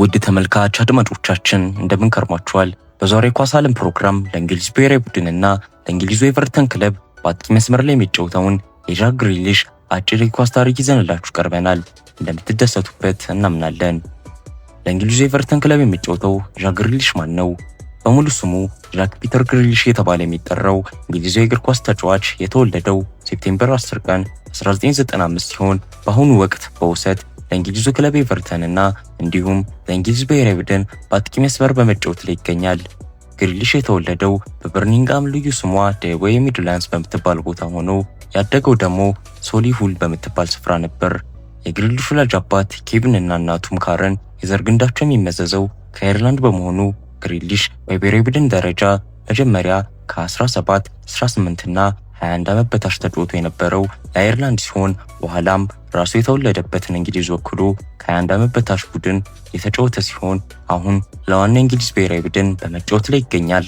ውድ ተመልካች አድማጮቻችን እንደምን ከርማችኋል? በዛሬው የኳስ ዓለም ፕሮግራም ለእንግሊዝ ብሔራዊ ቡድንና ለእንግሊዙ ኤቨርተን ክለብ በአጥቂ መስመር ላይ የሚጫወተውን የዣክ ግሪሊሽ አጭር የኳስ ታሪክ ይዘንላችሁ ቀርበናል። እንደምትደሰቱበት እናምናለን። ለእንግሊዙ ኤቨርተን ክለብ የሚጫወተው ዣክ ግሪሊሽ ማን ነው? በሙሉ ስሙ ዣክ ፒተር ግሪሊሽ የተባለ የሚጠራው እንግሊዙ የእግር ኳስ ተጫዋች የተወለደው ሴፕቴምበር 10 ቀን 1995 ሲሆን በአሁኑ ወቅት በውሰት ለእንግሊዙ ክለብ ኤቨርተንና እንዲሁም ለእንግሊዝ ብሔራዊ ቡድን በአጥቂ መስመር በመጫወት ላይ ይገኛል። ግሪሊሽ የተወለደው በበርኒንግሃም ልዩ ስሟ ደዌይ ሚድላንስ በምትባል ቦታ ሆኖ ያደገው ደግሞ ሶሊሁል በምትባል ስፍራ ነበር። የግሪሊሽ ወላጅ አባት ኬቪን እና እናቱም ካረን የዘር ግንዳቸው የሚመዘዘው ከአይርላንድ በመሆኑ ግሪሊሽ በብሔራዊ ቡድን ደረጃ መጀመሪያ ከ17፣ 18 እና 21 ዓመት በታች ተጫውቶ የነበረው ለአይርላንድ ሲሆን በኋላም ራሱ የተወለደበትን እንግሊዝ ወክሎ ከ21 ዓመት በታች ቡድን የተጫወተ ሲሆን አሁን ለዋና እንግሊዝ ብሔራዊ ቡድን በመጫወት ላይ ይገኛል።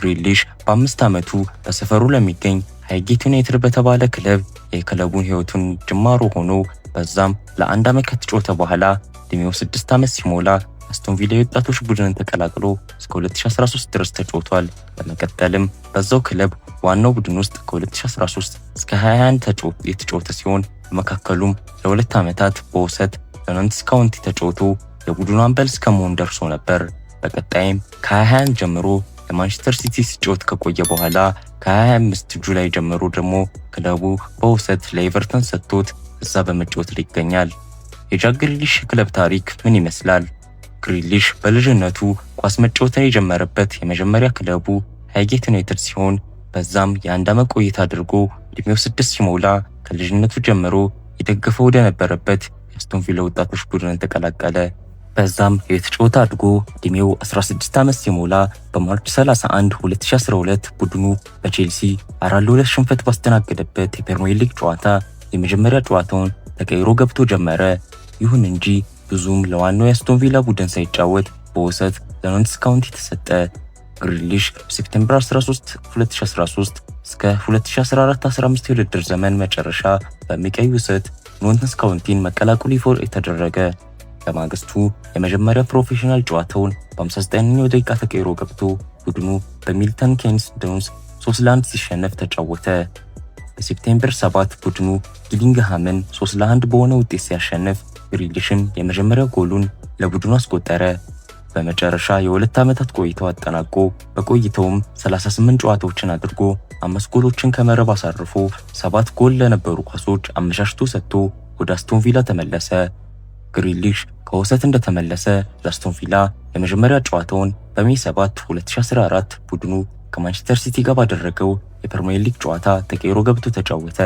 ግሪሊሽ በአምስት ዓመቱ በሰፈሩ ለሚገኝ ሃይጌት ዩናይትድ በተባለ ክለብ የክለቡን ሕይወቱን ጅማሮ ሆኖ በዛም ለአንድ ዓመት ከተጫወተ በኋላ ዕድሜው ስድስት ዓመት ሲሞላ አስቶን ቪላ የወጣቶች ቡድንን ተቀላቅሎ እስከ 2013 ድረስ ተጫውቷል። በመቀጠልም በዛው ክለብ ዋናው ቡድን ውስጥ ከ2013 እስከ 21 የተጫወተ ሲሆን በመካከሉም ለሁለት ዓመታት በውሰት ለኖንቲስ ካውንቲ ተጫውቶ የቡድኑ አምበል እስከመሆን ደርሶ ነበር። በቀጣይም ከ21 ጀምሮ ለማንቸስተር ሲቲ ሲጫወት ከቆየ በኋላ ከ25 ጁላይ ጀምሮ ደግሞ ክለቡ በውሰት ለኤቨርተን ሰጥቶት እዛ በመጫወት ላይ ይገኛል። የጃክ ግሪሊሽ ክለብ ታሪክ ምን ይመስላል? ግሪሊሽ በልጅነቱ ኳስ መጫወትን የጀመረበት የመጀመሪያ ክለቡ ሃይጌት ዩናይትድ ሲሆን በዛም የአንድ ዓመት ቆይታ አድርጎ እድሜው ስድስት ሲሞላ ከልጅነቱ ጀምሮ የደገፈው ወደነበረበት የአስቶን ቪላ ወጣቶች ቡድንን ተቀላቀለ። በዛም የተጫወተ አድጎ እድሜው 16 ዓመት ሲሞላ በማርች 31 2012 ቡድኑ በቼልሲ አራት ለሁለት ሽንፈት ባስተናገደበት የፕሪሚየር ሊግ ጨዋታ የመጀመሪያ ጨዋታውን ተቀይሮ ገብቶ ጀመረ። ይሁን እንጂ ብዙም ለዋናው የአስቶን ቪላ ቡድን ሳይጫወት በውሰት ለኖቲስ ካውንቲ ተሰጠ። ግሪሊሽ ሴፕቴምበር 13 2013 እስከ 2014-15 የውድድር ዘመን መጨረሻ በሚቀይ ውስጥ ኖቲንስ ካውንቲን መቀላቀሉ ይፋ የተደረገ። በማግስቱ የመጀመሪያ ፕሮፌሽናል ጨዋታውን በ59ኛው ደቂቃ ተቀይሮ ገብቶ ቡድኑ በሚልተን ኬንስ ዶንስ 3 ለ1 ሲሸነፍ ተጫወተ። በሴፕቴምበር 7 ቡድኑ ጊሊንግሃምን 3 ለ1 በሆነ ውጤት ሲያሸንፍ ግሪሊሽም የመጀመሪያው ጎሉን ለቡድኑ አስቆጠረ። በመጨረሻ የሁለት ዓመታት ቆይታው አጠናቆ በቆይታውም 38 ጨዋታዎችን አድርጎ አምስት ጎሎችን ከመረብ አሳርፎ ሰባት ጎል ለነበሩ ኳሶች አመሻሽቶ ሰጥቶ ወደ አስቶን ቪላ ተመለሰ። ግሪሊሽ ከውሰት እንደተመለሰ ለአስቶን ቪላ የመጀመሪያ ጨዋታውን በሜ 7 2014 ቡድኑ ከማንቸስተር ሲቲ ጋር ባደረገው የፕሪሚየር ሊግ ጨዋታ ተቀይሮ ገብቶ ተጫወተ።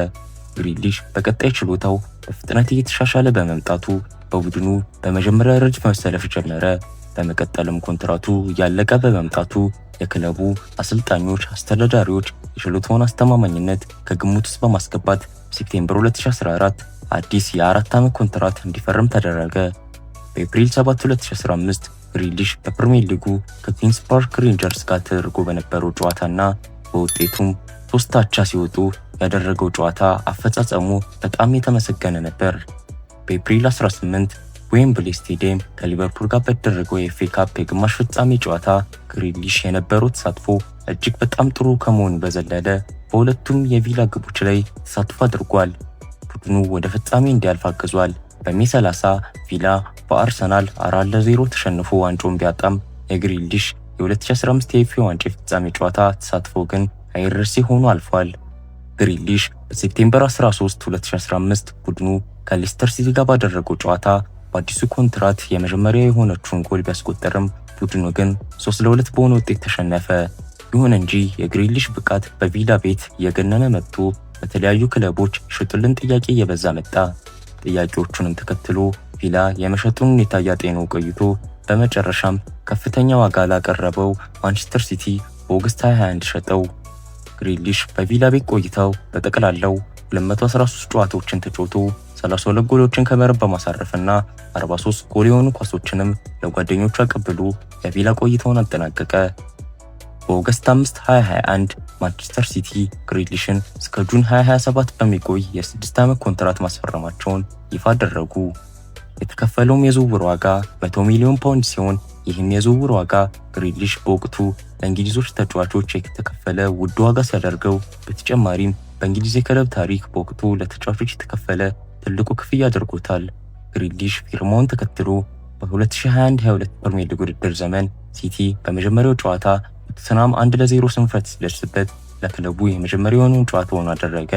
ግሪሊሽ በቀጣይ ችሎታው በፍጥነት እየተሻሻለ በመምጣቱ በቡድኑ በመጀመሪያ ረድፍ መሰለፍ ጀመረ። በመቀጠልም ኮንትራቱ እያለቀ በመምጣቱ የክለቡ አሰልጣኞች፣ አስተዳዳሪዎች የሽልቶን አስተማማኝነት ከግምት ውስጥ በማስገባት በሴፕቴምበር 2014 አዲስ የአራት ዓመት ኮንትራት እንዲፈርም ተደረገ። በኤፕሪል 7 2015 ግሪሊሽ በፕሪሚየር ሊጉ ከኪንግስ ፓርክ ሬንጀርስ ጋር ተደርጎ በነበረው ጨዋታና በውጤቱም ሶስት አቻ ሲወጡ ያደረገው ጨዋታ አፈጻጸሙ በጣም የተመሰገነ ነበር። በኤፕሪል 18 ዌምብሊ ስቴዲየም ከሊቨርፑል ጋር በተደረገው የኤፍ ኤ ካፕ የግማሽ ፍጻሜ ጨዋታ ግሪሊሽ የነበረው ተሳትፎ እጅግ በጣም ጥሩ ከመሆኑ በዘለለ በሁለቱም የቪላ ግቦች ላይ ተሳትፎ አድርጓል። ቡድኑ ወደ ፍጻሜ እንዲያልፍ አግዟል። በሜ 30 ቪላ በአርሰናል 4 ለ0 ተሸንፎ ዋንጫውን ቢያጣም የግሪሊሽ የ2015 የኤፍ ኤ ዋንጫ የፍጻሜ ጨዋታ ተሳትፎ ግን አይረሴ ሆኖ አልፏል። ግሪሊሽ በሴፕቴምበር 13 2015 ቡድኑ ከሌስተር ሲቲ ጋር ባደረገው ጨዋታ በአዲሱ ኮንትራት የመጀመሪያ የሆነችውን ጎል ቢያስቆጠርም ቡድኑ ግን 3 ለሁለት በሆነ ውጤት ተሸነፈ። ይሁን እንጂ የግሪሊሽ ብቃት በቪላ ቤት እየገነነ መጥቶ በተለያዩ ክለቦች ሽጡልን ጥያቄ እየበዛ መጣ። ጥያቄዎቹንም ተከትሎ ቪላ የመሸጡን ሁኔታ እያጤነው ቆይቶ በመጨረሻም ከፍተኛ ዋጋ ላቀረበው ማንቸስተር ሲቲ በኦገስት 21 ሸጠው። ግሪሊሽ በቪላ ቤት ቆይታው በጠቅላላው 213 ጨዋታዎችን ተጫውቶ 32 ጎሎችን ከመረብ በማሳረፍና 43 ጎል የሆኑ ኳሶችንም ለጓደኞቹ አቀብሎ የቪላ ቆይታውን አጠናቀቀ። በኦገስት 5 2021 ማንቸስተር ሲቲ ግሪሊሽን እስከ ጁን 2027 በሚቆይ የ6 ዓመት ኮንትራት ማስፈረማቸውን ይፋ አደረጉ። የተከፈለውም የዝውውር ዋጋ 100 ሚሊዮን ፓውንድ ሲሆን ይህም የዝውውር ዋጋ ግሪሊሽ በወቅቱ ለእንግሊዞች ተጫዋቾች የተከፈለ ውድ ዋጋ ሲያደርገው በተጨማሪም በእንግሊዝ የክለብ ታሪክ በወቅቱ ለተጫዋቾች የተከፈለ ትልቁ ክፍያ አድርጎታል። ግሪሊሽ ፊርማውን ተከትሎ በ2021/22 ፕሪሚየር ሊግ ውድድር ዘመን ሲቲ በመጀመሪያው ጨዋታ ቶተንሃም 1 ለ0 ስንፈት ሲደርስበት ለክለቡ የመጀመሪያውን ጨዋታውን አደረገ።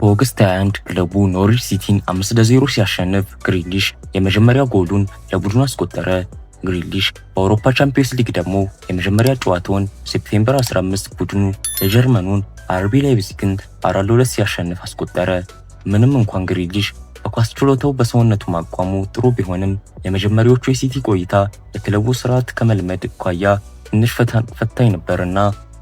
በኦገስት 21 ክለቡ ኖሪች ሲቲን 5 ለ0 ሲያሸንፍ ግሪሊሽ የመጀመሪያ ጎሉን ለቡድኑ አስቆጠረ። ግሪሊሽ በአውሮፓ ቻምፒዮንስ ሊግ ደግሞ የመጀመሪያ ጨዋታውን ሴፕቴምበር 15 ቡድኑ የጀርመኑን አርቢ ላይፕዚግን 4 ለ2 ሲያሸንፍ አስቆጠረ። ምንም እንኳን ግሪሊሽ በኳስ ችሎታው በሰውነቱ ማቋሙ ጥሩ ቢሆንም የመጀመሪያዎቹ የሲቲ ቆይታ የክለቡ ስርዓት ከመልመድ እኳያ ትንሽ ፈታኝ ነበርና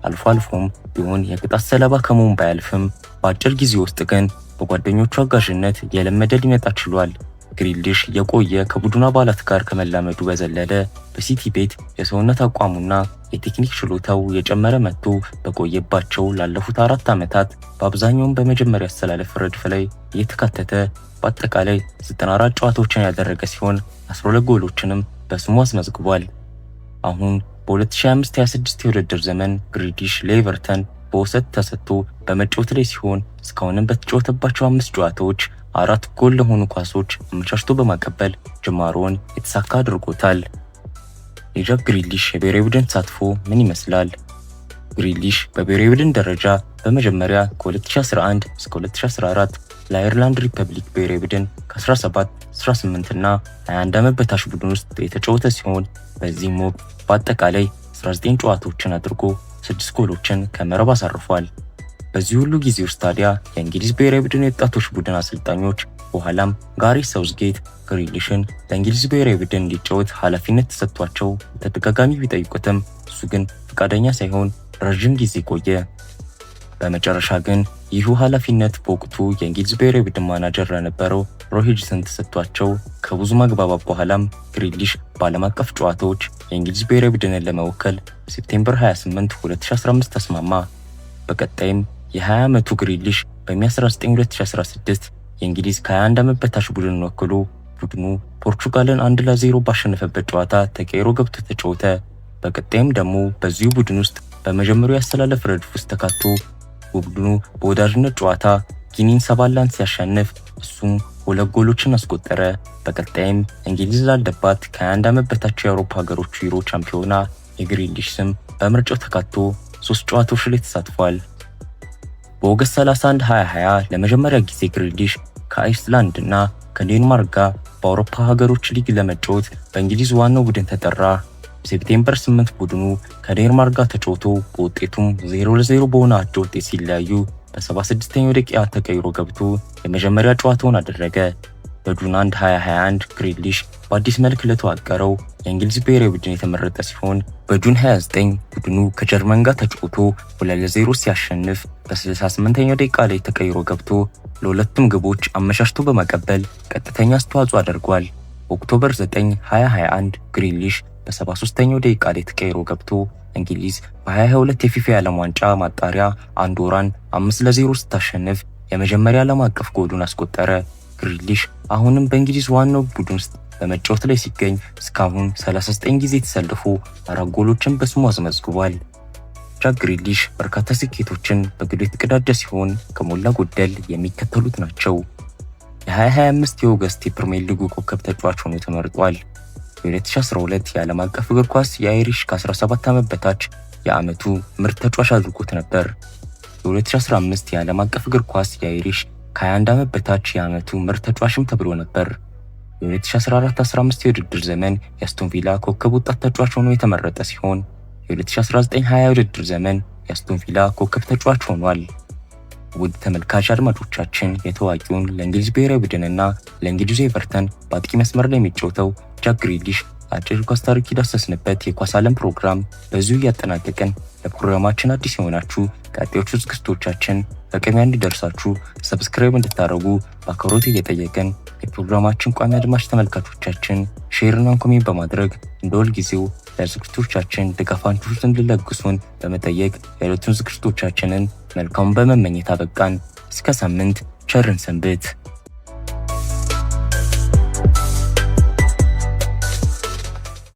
አልፎ አልፎም ቢሆን የቅጣት ሰለባ ከመሆን ባያልፍም በአጭር ጊዜ ውስጥ ግን በጓደኞቹ አጋዥነት የለመደ ሊመጣ ችሏል። ግሪሊሽ የቆየ ከቡድን አባላት ጋር ከመላመዱ በዘለለ በሲቲ ቤት የሰውነት አቋሙና የቴክኒክ ችሎታው የጨመረ መጥቶ በቆየባቸው ላለፉት አራት ዓመታት በአብዛኛውም በመጀመሪያ አስተላለፍ ረድፍ ላይ እየተካተተ በአጠቃላይ 94 ጨዋታዎችን ያደረገ ሲሆን 12 ጎሎችንም በስሙ አስመዝግቧል። አሁን በ2025/26 የውድድር ዘመን ግሪሊሽ ለኤቨርተን በውሰት ተሰጥቶ በመጫወት ላይ ሲሆን እስካሁንም በተጫወተባቸው አምስት ጨዋታዎች አራት ጎል ለሆኑ ኳሶች አመቻችቶ በማቀበል ጅማሮውን የተሳካ አድርጎታል። የጃክ ግሪሊሽ የብሔራዊ ቡድን ተሳትፎ ምን ይመስላል? ግሪሊሽ በብሔራዊ ቡድን ደረጃ በመጀመሪያ ከ2011 እስከ 2014 ለአየርላንድ ሪፐብሊክ ብሔራዊ ቡድን ከ17፣ 18 እና 21 ዓመት በታች ቡድን ውስጥ የተጫወተ ሲሆን በዚህም ወቅት በአጠቃላይ 19 ጨዋታዎችን አድርጎ 6 ጎሎችን ከመረብ አሳርፏል። በዚህ ሁሉ ጊዜ ውስጥ ታዲያ የእንግሊዝ ብሔራዊ ቡድን የወጣቶች ቡድን አሰልጣኞች በኋላም ጋሪ ሳውዝጌት ግሪሊሽን ለእንግሊዝ ብሔራዊ ቡድን እንዲጫወት ኃላፊነት ተሰጥቷቸው በተደጋጋሚ ቢጠይቁትም እሱ ግን ፈቃደኛ ሳይሆን ረዥም ጊዜ ቆየ። በመጨረሻ ግን ይህ ኃላፊነት በወቅቱ የእንግሊዝ ብሔራዊ ቡድን ማናጀር ለነበረው ሮሂጅሰን ተሰጥቷቸው ከብዙ ማግባባት በኋላም ግሪሊሽ በዓለም አቀፍ ጨዋታዎች የእንግሊዝ ብሔራዊ ቡድንን ለመወከል በሴፕቴምበር 28 2015 ተስማማ። በቀጣይም የ20 ዓመቱ ግሪሊሽ በሚ192016 የእንግሊዝ ከ21 ዓመት በታች ቡድን ወክሎ ቡድኑ ፖርቹጋልን አንድ ለዜሮ ባሸነፈበት ጨዋታ ተቀይሮ ገብቶ ተጫወተ። በቀጣይም ደግሞ በዚሁ ቡድን ውስጥ በመጀመሪያው ያስተላለፍ ረድፍ ውስጥ ተካቶ ቡድኑ በወዳጅነት ጨዋታ ጊኒን ሰባላን ሲያሸንፍ እሱም ሁለት ጎሎችን አስቆጠረ። በቀጣይም እንግሊዝ ላለባት ከ21 ዓመት በታች የአውሮፓ ሀገሮች ዩሮ ቻምፒዮና የግሪሊሽ ስም በምርጫው ተካቶ ሶስት ጨዋታዎች ላይ ተሳትፏል። በኦገስት 31 2020 ለመጀመሪያ ጊዜ ግሪሊሽ ከአይስላንድ እና ከዴንማርክ ጋር በአውሮፓ ሀገሮች ሊግ ለመጫወት በእንግሊዝ ዋናው ቡድን ተጠራ። ሴፕቴምበር 8 ቡድኑ ከዴንማርክ ጋር ተጫውቶ በውጤቱም 0 ለ0 በሆነ አቻ ውጤት ሲለያዩ በ76ኛው ደቂቃ ተቀይሮ ገብቶ የመጀመሪያ ጨዋታውን አደረገ። 1 2021 ግሪሊሽ በአዲስ መልክ ለተዋቀረው የእንግሊዝ ብሔራዊ ቡድን የተመረጠ ሲሆን በጁን 29 ቡድኑ ከጀርመን ጋር ተጫውቶ ሁለት ለዜሮ ሲያሸንፍ በ68ኛው ደቂቃ ላይ ተቀይሮ ገብቶ ለሁለቱም ግቦች አመሻሽቶ በመቀበል ቀጥተኛ አስተዋጽኦ አድርጓል። ኦክቶበር 9 2021 ግሪሊሽ በ73ኛው ደቂቃ ላይ ተቀይሮ ገብቶ እንግሊዝ በ 222 የፊፋ የዓለም ዋንጫ ማጣሪያ አንዶራን 5 ለ0 ስታሸንፍ የመጀመሪያ ዓለም አቀፍ ጎሉን አስቆጠረ። ግሪሊሽ አሁንም በእንግሊዝ ዋናው ቡድን ውስጥ በመጫወት ላይ ሲገኝ እስካሁን 39 ጊዜ ተሰልፎ አራት ጎሎችን በስሙ አስመዝግቧል። ጃክ ግሪሊሽ በርካታ ስኬቶችን በግሉ የተቀዳጀ ሲሆን ከሞላ ጎደል የሚከተሉት ናቸው። የ2025 የኦገስት የፕሪሚየር ሊጉ ኮከብ ተጫዋች ሆኖ ተመርጧል። በ2012 የዓለም አቀፍ እግር ኳስ የአይሪሽ ከ17 ዓመት በታች የዓመቱ ምርጥ ተጫዋች አድርጎት ነበር። የ2015 የዓለም አቀፍ እግር ኳስ የአይሪሽ ከ21 ዓመት በታች የዓመቱ ምርጥ ተጫዋችም ተብሎ ነበር። የ2014-15 የውድድር ዘመን የአስቶን ቪላ ኮከብ ወጣት ተጫዋች ሆኖ የተመረጠ ሲሆን የ2019-20 የውድድር ዘመን የአስቶን ቪላ ኮከብ ተጫዋች ሆኗል። ውድ ተመልካች አድማጮቻችን የተዋቂውን ለእንግሊዝ ብሔራዊ ቡድንና ለእንግሊዙ ኤቨርተን በአጥቂ መስመር ላይ የሚጫወተው ጃክ ግሪሊሽ አጭር ኳስ ታሪክ የዳሰስንበት የኳስ ዓለም ፕሮግራም በዚሁ እያጠናቀቅን። ለፕሮግራማችን አዲስ የሆናችሁ ቀጣዮቹ ዝግጅቶቻችን በቅድሚያ እንዲደርሳችሁ ሰብስክራይብ እንድታደረጉ በአክብሮት እየጠየቅን የፕሮግራማችን ቋሚ አድማጭ ተመልካቾቻችን ሼርና ኮሜንት በማድረግ እንደ ሁልጊዜው ለዝግጅቶቻችን ድጋፋችሁን እንድትለግሱን በመጠየቅ የዕለቱን ዝግጅቶቻችንን መልካሙን በመመኘት አበቃን። እስከ ሳምንት ቸርን ሰንብት።